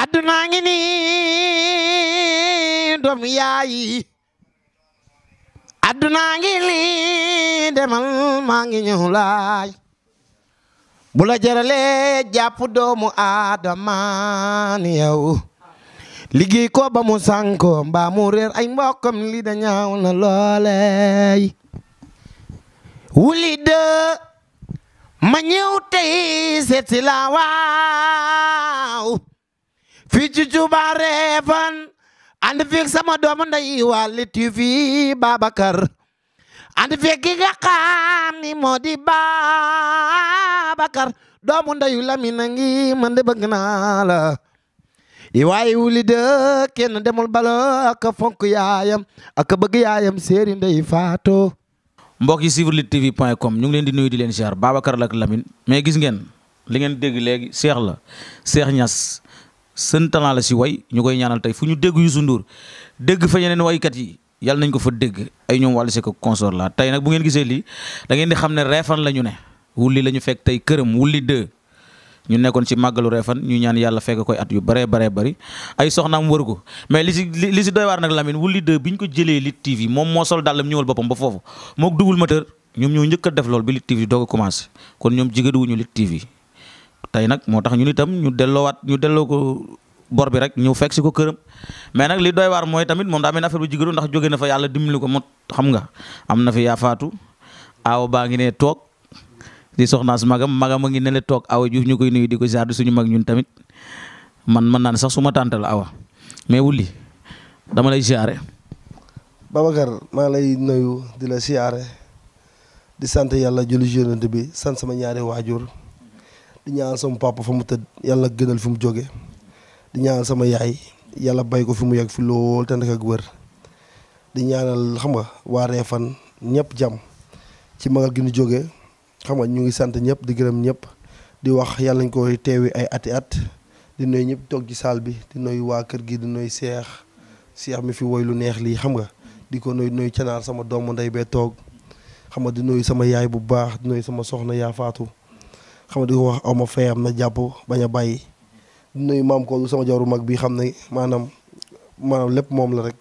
addunaa ngi nii doom yaayi addunaa ngi nii demal maa ngi ñëw laay bu la jaralee jàpp doomu aadama ni liggéey ko ba mu sànko mbaa mu réer ay mbokkam li da ñaaw na looley wuli de ma ñëw tey seet waa ginnaaw fii ci Touba Refane ànd feeg sama doomu nday Waly TV Babacar ànd feeg ki nga xam ni moo di Babacar doomu ndayu Lamine ngi man de bëgg na la i waaye wuli de kenn demul bala ak fonk yaayam ak bëgg yaayam séeri ndey faato mbokk yi suivre lutte point com ñu ngi leen di nuyu di leen siyaar Babacar la ak gis ngeen li ngeen dégg léegi Cheikh la Cheikh ñas seen talent la si way ñu koy ñaanal tey fu ñu dégg Youssou Ndour dégg fa ñeneen waykat yi yàlla nañ ko fa dégg ay ñoom wàllu si ko consort tey nag bu ngeen gisee lii da ngeen di xam ne reefan la ñu ne wulli la ñu fekk tey këram wulli deux ñu nekkoon ci màggalu reefan ñu ñaan yàlla fekk koy at yu bare baree bari ay soxnaam wër ko mais li si li si doy waar nag Lamine wulli deux bi ñu ko jëlee Lutte TV moom moo sol dàllam ñëwal boppam ba foofu mook double moteur ñoom ñëw njëkk def lool bi Lutte TV doog a commencé kon ñoom jigéen wuñu Lutte tey nag moo tax ñun itam ñu delloowaat ñu delloo ko bor bi rek ñëw fekk si ko këram mais nag li doy waar mooy tamit moom daa mel affaire bu jigéen ndax jóge na fa yàlla dimbali ko mot xam nga am na fi yaa faatu aaw baa ngi ne toog di soxnaas magam magam a ngi ne le toog awa juuf ñu koy di ko ziar suñu mag ñun tamit man mën naa ne sax suma ma tàntal awa mais wulli dama lay ziare. Babacar maa lay nuyu di la ziare di sant yàlla julli Yonent bi sant sama ñaari waajur di ñaanal sama papa fa mu tëdd yàlla gënal fi mu jóge di ñaanal sama yaay yàlla bay ko fi mu yegg fi lool te nekk ak wër di ñaanal xam nga waa Réfane ñëpp jam ci magal gi ñu jóge xam nga ñu ngi sant ñëpp di gërëm ñëpp di wax yàlla ñu koy teewi ay ati at di nuyu ñëpp toog ci saal bi di nuyu waa kër gi di noy seex seex mi fi woy lu neex lii xam nga di ko nuyu nuyu canaar sama doomu ndey bee toog xam nga di nuyu sama yaay bu baax di nuyu sama soxna yaa xam nga di ko wax aw ma fayam na jàpp bañ a bàyyi nuyu maam ko sama jawru mag bi xam ne maanaam maanaam lépp moom la rek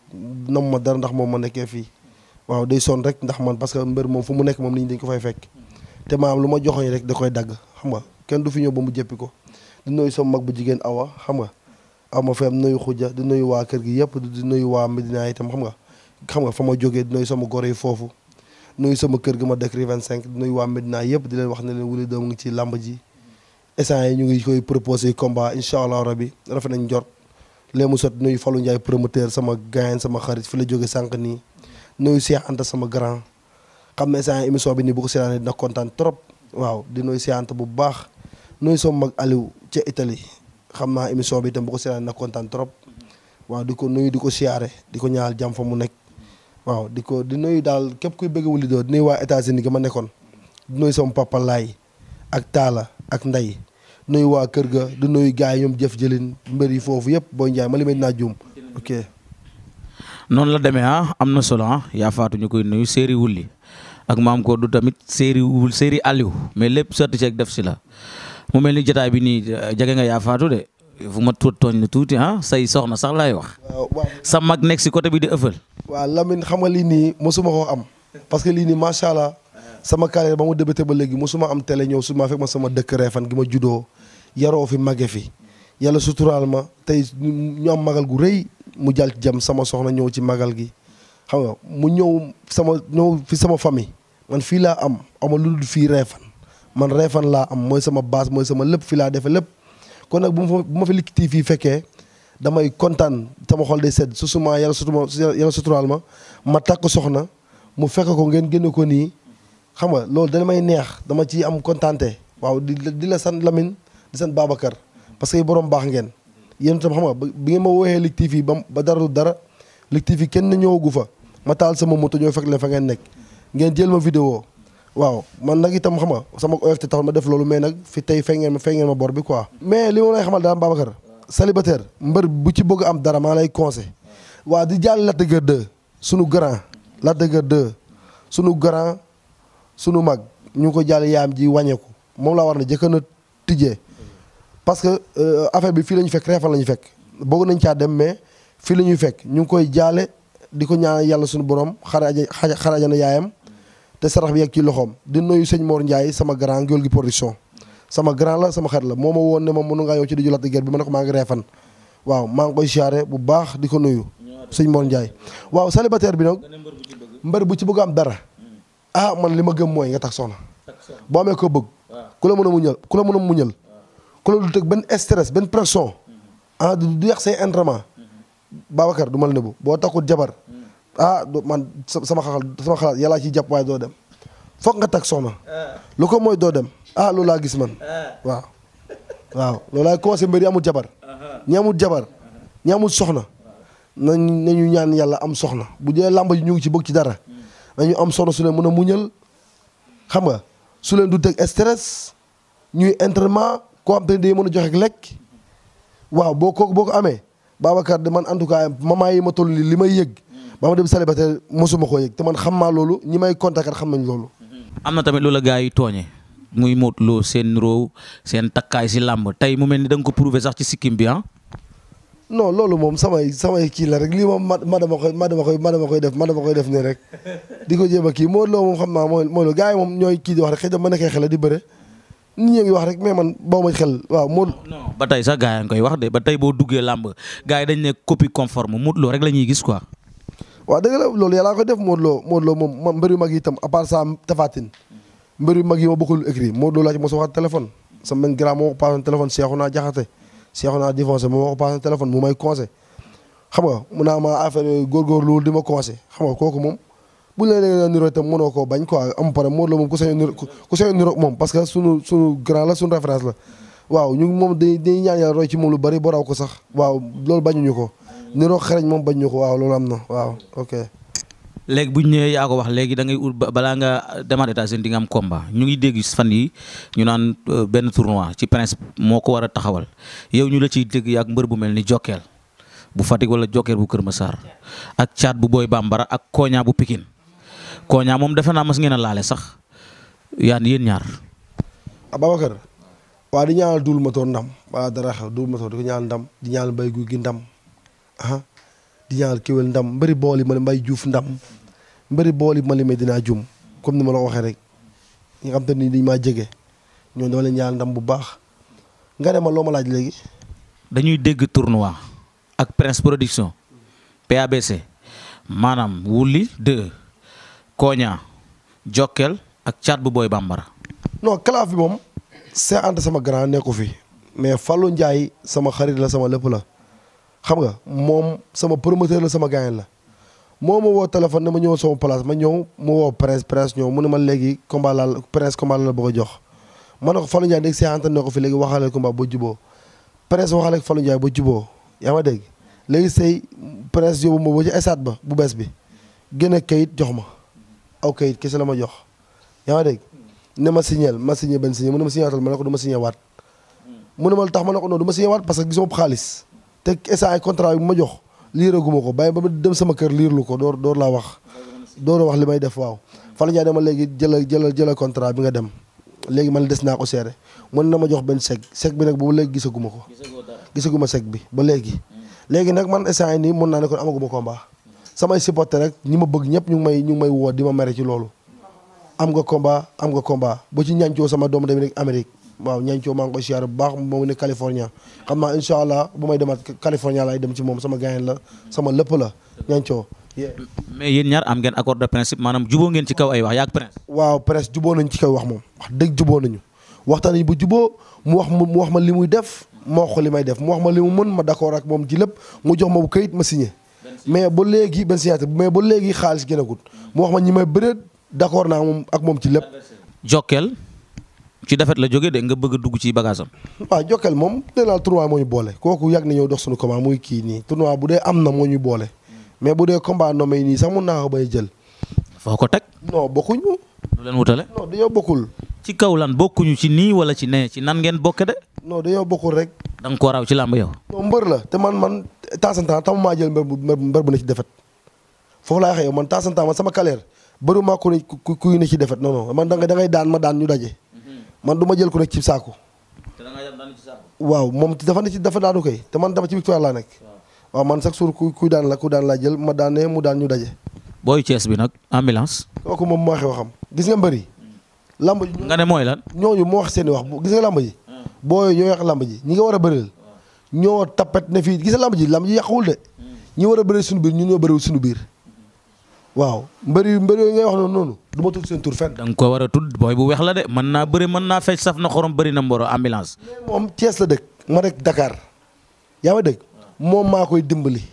nam ma dara ndax moom ma nekkee fii waaw day son rek ndax man parce que mbër moom fu mu nekk moom nit ñi dañ ko fay fekk te maam lu ma joxoñ rek da koy dagg xam nga kenn du fi ñëw ba mu jëppi ko di nuyu sama mag bu jigéen awa xam nga aw ma fayam nuyu xuja di nuyu waa kër gi yëpp di nuyu waa Medina itam xam nga xam nga fa ma jógee di nuyu sama goro yi foofu nuyu sama kër gi ma dëkk vingt 25 nuyu waa Medina yëpp di leen wax ne leen Wouly 2 mu ngi ci làmb ji essence yi ñu ngi koy proposé combat incha allah rabi rafet nañ njort léegi mu sot nuyu Fallou Ndiaye promoteur sama gayen sama xarit fi la jóge sànq nii nuyu Cheikh Anta sama grand xam ne essence émission bi nii bu ko seetaanee dina kontaan trop waaw di nuyu Cheikh Anta bu baax nuyu sama mag Aliou ca Italie xam naa émission bi itam bu ko seetaanee dina trop waaw di ko nuyu di ko siyaare di ko ñaanal jàmm mu nekk. waaw di ko di nuyu daal képp kuy bëgg Wally Doo di nuyu waa États-Unis gi ma nekkoon di nuyu soom papa ak taala ak nday nuyu waa kër ga di nuyu gars yi ñoom jëf jëlin mbër yi foofu yëpp boo njaay ma li naa juum noonu la demee ah am na solo ah yaa faatu ñu koy nuyu séeri Wally ak maam ko du tamit séeri wul séeri Aliou mais lépp sotti ceeg def si la mu mel ni jotaay bi nii jege nga yaa de fu ma tuut tooñ la tuuti ah say soxna sax laay wax. sa mag nekk si côté bi di ëffal. waaw Lamine xam nga lii nii mosuma koo am parce que lii nii macha allah sama carrière ba mu débuté ba léegi mosuma am télé ñëw su ma fekk ma sama dëkk Réfane gi ma juddoo yaroo fi mage fi yàlla suturaal ma tey ñu am magal gu rëy mu jàll ci sama soxna ñëw ci magal gi xam nga mu ñëw sama ñëw fi sama famille man fii laa am ama lu dul fii Réfane man Réfane laa am mooy sama base mooy sama lépp fii laa defee lépp. kon nag bu ma fa bu ma TV fekkee damay kontaan sama xol day sedd su suma yàlla sutuma yàlla suturaal ma ma takk soxna mu fekk ko ngeen génne ko nii xam nga loolu dana may neex dama ci am kontaante waaw di di la sant Lamine di sant Babacar parce que borom baax ngeen yéen itam xam nga bi ngeen ma wooyee Lutte TV ba ba dara du dara Lutte TV kenn ñëwagu fa ma taal sama moto ñoo fekk leen fa ngeen nekk ngeen jël ma vidéo waaw man nag itam xama sama oyof te taxul ma def loolu mais nag fi tey fay ngeen ma fay ngeen ma bor bi quoi. mais li ma lay xamal daal Babacar. célibataire mbër bu ci bëgg am dara maa lay conseil waa di jàll Lac de Guiers 2 sunu grand Lac de Guiers sunu mag ñu ngi ko jàll yaam ji wàññeeku moom laa war na jëkka na tijjee parce que euh, affaire bi fii la fekk reefan la ñu fekk bëgg nañ caa dem mais fii la ñuy fekk ñu ngi koy jaale di ko ñaan yàlla sunu borom xare xare ajana yaayam te sarax bi yegg ci loxoom di nuyu sëñ Mor Ndiaye sama grand Gueule Gui production sama grand la sama xarit la moo ma woon ne ma mënu ngaa yow ci diju latte guerre bi ma ne ko maa ngi reefan waaw maa ngi koy siyaare bu baax di ko nuyu sëñ Mor Ndiaye waaw célibataire bi nag mbër bu ci bëgg am dara ah man li ma gëm mooy nga tax soxna boo amee ko bëgg ku la mën a muñal ku la mën a muñal ku la du teg benn stress benn pression ah du yàq say entraînement Babacar du mal ne bu boo takkut jabar ah man sama xaxal sama xalaat yàllaa ci jàpp waaye doo dem foog nga takk soxna eh. lu ko mooy doo dem ah loolu laa gis man eh. waaw waaw loolu laay conseillé mbir yi amul jabar uh-huh. ñi amul jabar ñi amul soxna nañ nañu ñaan yàlla am soxna bu dee làmba ji ñu ngi ci bëgg ci dara hmm. nañu am soxna su leen mën a muñal xam nga su leen du teg stress ñuy entraînement koo xam te ne day mën a joxe lekk waaw boo ko boo ko amee Babacar de man en tout cas ma yi ma toll li may yëg ba ma dem célibataire mosuma koo yëg te man xam maa loolu ñi may contacter xam nañ loolu. am na tamit loola gars yi tooñe muy Modou Lo seen roo seen takkaay si làmb tey mu mel ni da nga ko prouver sax ci sikkim bi ah. non loolu moom samay samay kii la rek lii moom ma ma dama koy ma dama koy ma koy def ma dama koy def nii rek di ko jéem a kii Modou Lo moom xam naa mooy mooy gars yi moom ñooy kii di wax rek xëy na ma nekkee xel di bëre. nit ñi ngi wax rek mais man boo ma xel waaw Modou. non ba tey sax gars yaa ngi wax de ba tey boo duggee làmb gars yi dañ ne copie conforme Modou rek la ñuy gis quoi. waaw dëgg la loolu yàllaa koy def Modou Lo Modou Lo moom mbër yu mag yi itam à part ça tafaatin mbër yu mag yi ma bokkul écrit Modou Lo laa ci mos a waxaat téléphone sama grand naa jaxate seexu naa défoncé moo téléphone mu may conseil xam nga mun naa ma affaire yooyu góorgóorlu di ma conseil xam nga kooku moom bu ñu la leen niroo mënoo koo bañ ko am pare Modou Lo moom ku sañoon niroo ku moom parce que sunu sunu grand la sunu référence la waaw ñu moom dañuy ñaan yàlla roy ci moom lu bari ba ko sax waaw loolu bañuñu ko niroo xarañ moom bañ ñu ko waaw loolu am na waaw léegi bu ñu ñëwee yaa ko wax léegi da ngay ut balaa nga demaat États-Unis di nga am komba ñu ngi dégg fan yi ñu naan euh, benn tournoi ci principe moo ko war a taxawal yow ñu la ciy dégg yaak mbër bu mel ni Jokkel bu Fatick wala Jokkel bu Kër Massar ak caat bu Boy Bambara ak Koña bu pikin Koña moom defe naa mas ngeen a laale sax yaan yéen ñaar. Ababacar. waa di ñaanal Double Moteur ndam wala dara xew Double Moteur di ah di ñaanal kéwél ndam mbëri bool yi ma li mbay juuf ndam mbëri bool yi ma li may dinaa jum comme ni ma la waxee rek ñu xam te ni dañ maa jege ñoo dama leen ñaanal ndam bu baax nga ne ma loo ma laaj léegi dañuy dégg tournoi ak Prince Production PABC maanaam wulli de Koña Jokkel ak caat bu booy bambara non kalaaf bi moom Cheikh Anta sama grand nekku fi mais Fallou Ndiaye sama xarit la sama lépp la xam nga moom sama promoteur la sama gaañ la moo ma woo téléphone ne ma ñëw sama place ma ñëw mu woo prince prince mu ne ma léegi combat la prince combat la bëgg a jox ma ne ko Fallou léegi séenante ne ko fi léegi waxaale combat ba juboo prince waxaale Fallou Ndiaye ba dégg léegi sëy prince yóbbu ma ba ci ba bu bees bi génne kayit jox ma aw kayit kese la ma jox yaa ma dégg ne ma signal ma signé benn signé mu ne ma signé waatal ma ne ko du ma signé waat mu ne ma tax ma ne ko du ma signé waat parce que gisuma xaalis te essai contrat bi ma jox liiraguma ko bàyyi ba ma dem sama kër liirlu ko door door laa wax. door a wax li may def waaw. Fallou dem dama léegi jëlal jëlal jëlal contrat bi nga dem léegi man des naa ko seere mën na ma jox benn chèque chèque bi nag boobu léegi gisaguma ko. gisaguma chèque bi ba léegi. Hmm. léegi nag man essai nii mën naa ne kon amaguma combat. samay supporter rek ñi ma bëgg ñëpp ñu may ñu may woo di ma mere ci loolu. am nga combat am nga combat bu ci ñancoo sama doom dem rek Amérique waaw ñancoo maa ngi koy siyaar bu baax moom ne California xam naa incha allah bu may demaat California laay dem ci moom sama gaayen la sama lépp la ñancoo mais ñaar am ngeen accord de principe maanaam jubo ngeen ci kaw ay wax yaag prince waaw prince juboo nañ ci kaw wax moom wax dëgg juboo nañu waxtaan nañ bu juboo mu wax mu wax ma li muy def ma wax li may def mu wax ma li mu mën ma d'accord ak moom ci lépp mu jox ma bu kayit ma signé mais ba léegi benn signature mais ba léegi xaalis gën a mu wax ma ñi may bëreet d'accord naa moom ak moom ci lépp jokkeel ci defet la jóge de nga bëgg dugg ci bagage am. waaw moom nee naa tournoi moo ñu boole kooku yàgg na ñëw dox suñu combat muy kii nii tournoi bu dee am na moo ñu boole mais bu dee combat nommé nii sax mun naa ko bay jël. foo ko teg. non bokkuñu. lu leen wutale. non dañoo bokkul. ci kaw lan bokkuñu ci nii wala ci nee ci nan ngeen bokke de. non dañoo bokkul rek. da nga ci làmb yow. non mbër la te man man temps en temps tamu maa mbër bu mbër ci defet foofu laay waxee yow man temps en sama carrière bëru maa ku ne ci defet non non man da ngay daan ma daan ñu daje man du ma jël ko nekk ci saako. waaw moom dafa ne ci dafa daanu koy te man dama ci victoire laa nekk. waaw man chaque jour ku kuy daan la ku daan laa jël ma daanee mu daan ñu daje. booy Thiès bi nag ambulance. kooku moom moo waxee waxam gis nga mbëri. lamb ji nga ne mooy ñoo ñooñu moo wax seen wax gis nga lamb ji. Ah. booy ñoo yàq lamb ji ñi nga war a bëreel. Ah. ñoo tapet ne fii gis nga lamb ji lamb ji yàquwul de. Hmm. ñi war a suñu biir ñun ñoo bëriwul suñu biir waaw mbëri mbëri yooyu ngay wax noonu noonu du ma tudd seen tur fenn. da ko war a tudd booy bu weex la de mën naa bëri man naa fecc saf na xorom bëri na mboro ambulance. moom Thiès la dëkk ma rek Dakar yaa ma dëgg moom maa koy dimbali.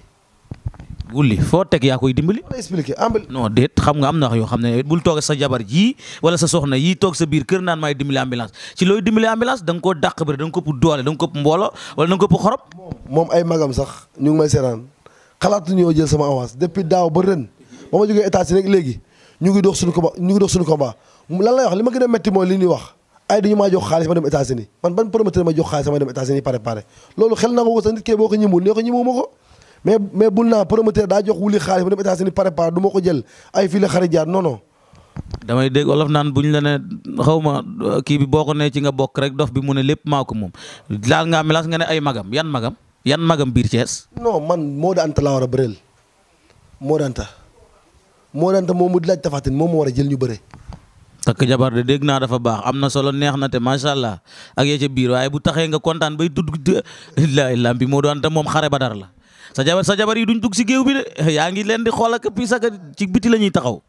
foo teg yaa dimbali. ma expliqué ambulance. non am na yoo xam ne bul toog sa jabar jii wala sa soxna yii toog sa biir kër naan maay dimbali ambulance ci looy dimbali ambulance da nga koo dàq bëri da nga ko doole da nga ko ëpp mboolo wala da nga ko moom ay magam sax ñu ngi may seeraan xalaatuñoo jël sama avance ba ma jógee état si rek léegi ñu ngi dox suñu combat ñu ngi dox ko combat lan lay wax li ma gën a metti mooy li ñuy wax ay dañu maa jox xaalis ma dem États-Unis man ban promoteur ma jox xaalis ma dem pare pare loolu xel nangu ko sax nit kee boo ko ñëmul nee ko ñëmuma ko ko jël ay fii la xarit jaar non non damay dégg olof naan bu ñu ne xaw ma kii bi boo ko ne ci nga bokk rek dof bi mu ne lépp maa ko moom laal ngaa melaas nga ne ay magam yan magam yan magam biir Thiès non man moo da anta laa war a bëreel moo da anta moo daan te moom mu di laaj Tapha moom moo war a jël ñu bëre. takk jabar de dégg naa dafa baax am na solo neex na te macha allah ak ya ca biir waaye bu taxee nga kontaan bay tudd la lambi moo doon te moom xare ba dara la sa jabar sa jabar yi duñ dugg si géew bi de yaa ngi leen di xool ak piis ak biti la ñuy taxaw.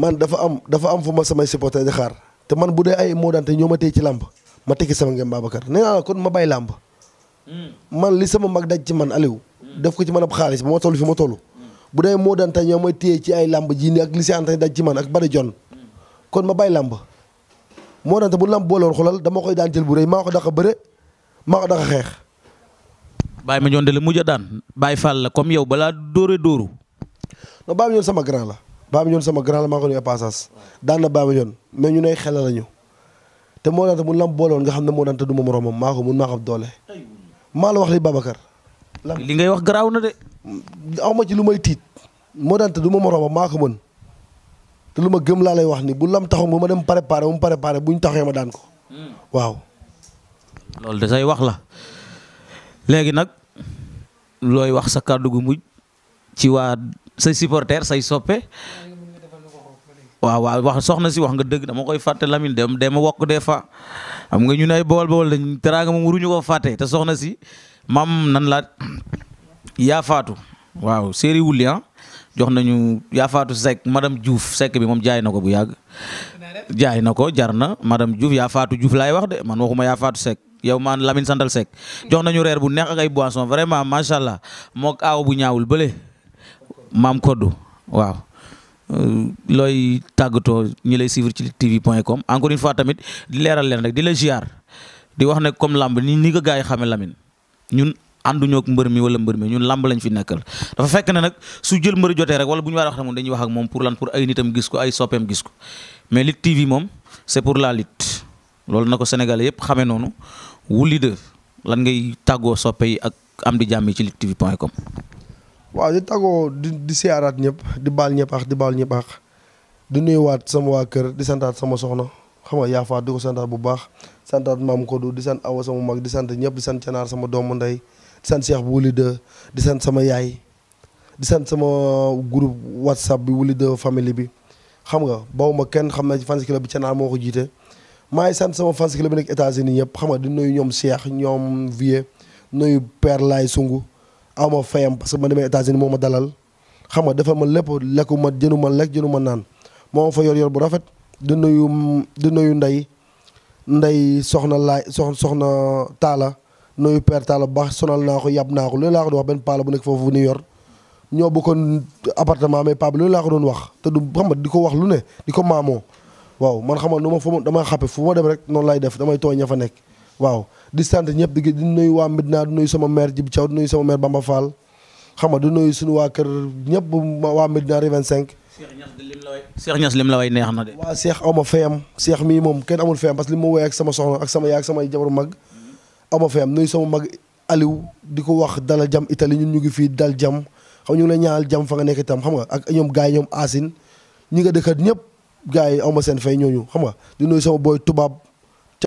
man dafa am dafa am fu ma samay supporter di xaar te man bu dee ay moo ñoo ma téye ci làmb ma tekki sama ngeen Babacar nee naa kon ma bàyyi làmb hmm. man li sama mag daj ci man Aliou. def ko ci man ab xaalis ba ma toll fi ma toll. bu dee moo daan tey ñoo may téye ci ay làmb ji nii ak li si ànd daj ci man ak bari jon kon ma bay làmb moo daan tey bu làmb booloon xolal dama koy daan jël bu rëy maa ko daq a bëre maa ko daq a xeex. Baye de la daan Baye Fall la comme yow balaa dóore dóoru. non Baye Mandione sama grand la Baye Mandione sama grand la maa ko nuyu passage daan na Baye Mandione ñu nay xelal lañu te moo daan tey bu làmb booloon nga xam ne moo daan tey du ma moromam maa ko mun maa ko doole maa la wax li Babacar. li ngay wax garaaw na de. aw ma ci lu may tiit moo daan te du ma moroomam maa ko mën te lu ma gëm laa lay wax ni bu lam taxaw ba ma dem préparé mu préparé bu ñu taxee ma daan ko hmm. waaw. loolu de wax la léegi nag looy wax sa kàddu gu mujj ci say supporter say soppe waaw waaw wax soxna si wax nga dëgg dama koy fàtte Lamine dem dem wokk des fois xam nga ñu ne ay bool bool dañ teraanga moom waruñu ko fàtte te soxna si maam nan la yaafaatu waaw série wulli ah, jox nañu yaafaatu Seck madame juuf Seck bi moom jaay na ko bu yàgg. jaay na ko jar na madame Diouf yaafaatu juuf laay wax de man waxuma yaafaatu Seck yow man lamin santal Seck jox nañu reer bu neex ay boisson vraiment macha allah moog aaw bu ñaawul bële maam koddu waaw. Euh, looy tàggatoo ñi lay suivre ci tv point com encore une fois tamit di leeral leen rek di la ziar di wax ne comme làmb ni ni ko gars yi xamee ànduñoo mbër mi wala mbër mi ñun làmb lañu fi nekkal dafa fekk ne nag su jël mbër jotee rek wala bu ñu war a wax moom dañuy wax ak moom pour lan pour ay nitam gis ko ay soppeem moom c'est pour la loolu na ko Sénégalais yëpp xamee noonu Wouly 2 lan ngay tàggoo soppe yi ak am di jàmm yi ci Lutte TV point com. waaw di tàggoo di di siyaaraat ñëpp di baal ñëpp ak di baal ñëpp ak du nuyuwaat sama waa kër di santaat sama soxna xam nga yaafaat di ko santaat bu baax santaat maam Kodou di sant aw sama mag di sant ñëpp di sant doomu ndey. di sant Cheikh bu wuli de di sant sama yaay di sant sama groupe whatsapp bi wuli de famille bi xam nga baw ma kenn xam na fans club bi ca naa moo ko jiite maa ngi sant sama fans club bi nekk États-Unis ñëpp xam nga di nuyu ñoom Cheikh ñoom Vieux nuyu per Laay Sungu aw ma fayam parce que ma demee États-Unis moo ma dalal xam nga defal ma lépp lekku ma jënu ma lekk jënu ma naan moo fa yor yor bu rafet di nuyu di nuyu nday nday soxna laay sox soxna taala nuyu père Talla baax sonal naa ko yab naa ko loolu laa ko doon wax benn paala bu nekk ñoo bokkoon appartement mais paa bi laa ko doon wax te du xam nga di ko wax lu ne di ko maamoo waaw man xam nga nu ma fa ma dama xappe fu ma dem rek noonu lay def damay tooñ ña fa nekk waaw di sant di nuyu waa Medina nuyu sama maire Djibi Thiaw di nuyu sama maire Bamba Fall xam nga di nuyu suñu waa kër ñëpp waa Medina rue 25. Cheikh Niass lim la way Cheikh Niass lim la neex na de. waa Cheikh aw ma fayam Cheikh mii moom kenn amul fayam parce que li ma woy ak sama soxla ak sama yaay ak samay jabaru mag ama fayam nuyu sama mag Aliou di ko wax dala jam Italie ñun ñu ngi fii dal jam xam ñu ngi lay ñaanal jam fa nga nekk itam xam nga ak ñoom gars yi ñoom Asine ñi nga dëkkat ñëpp gars yi aw seen fay ñooñu xam nga di nuyu sama booy tubaab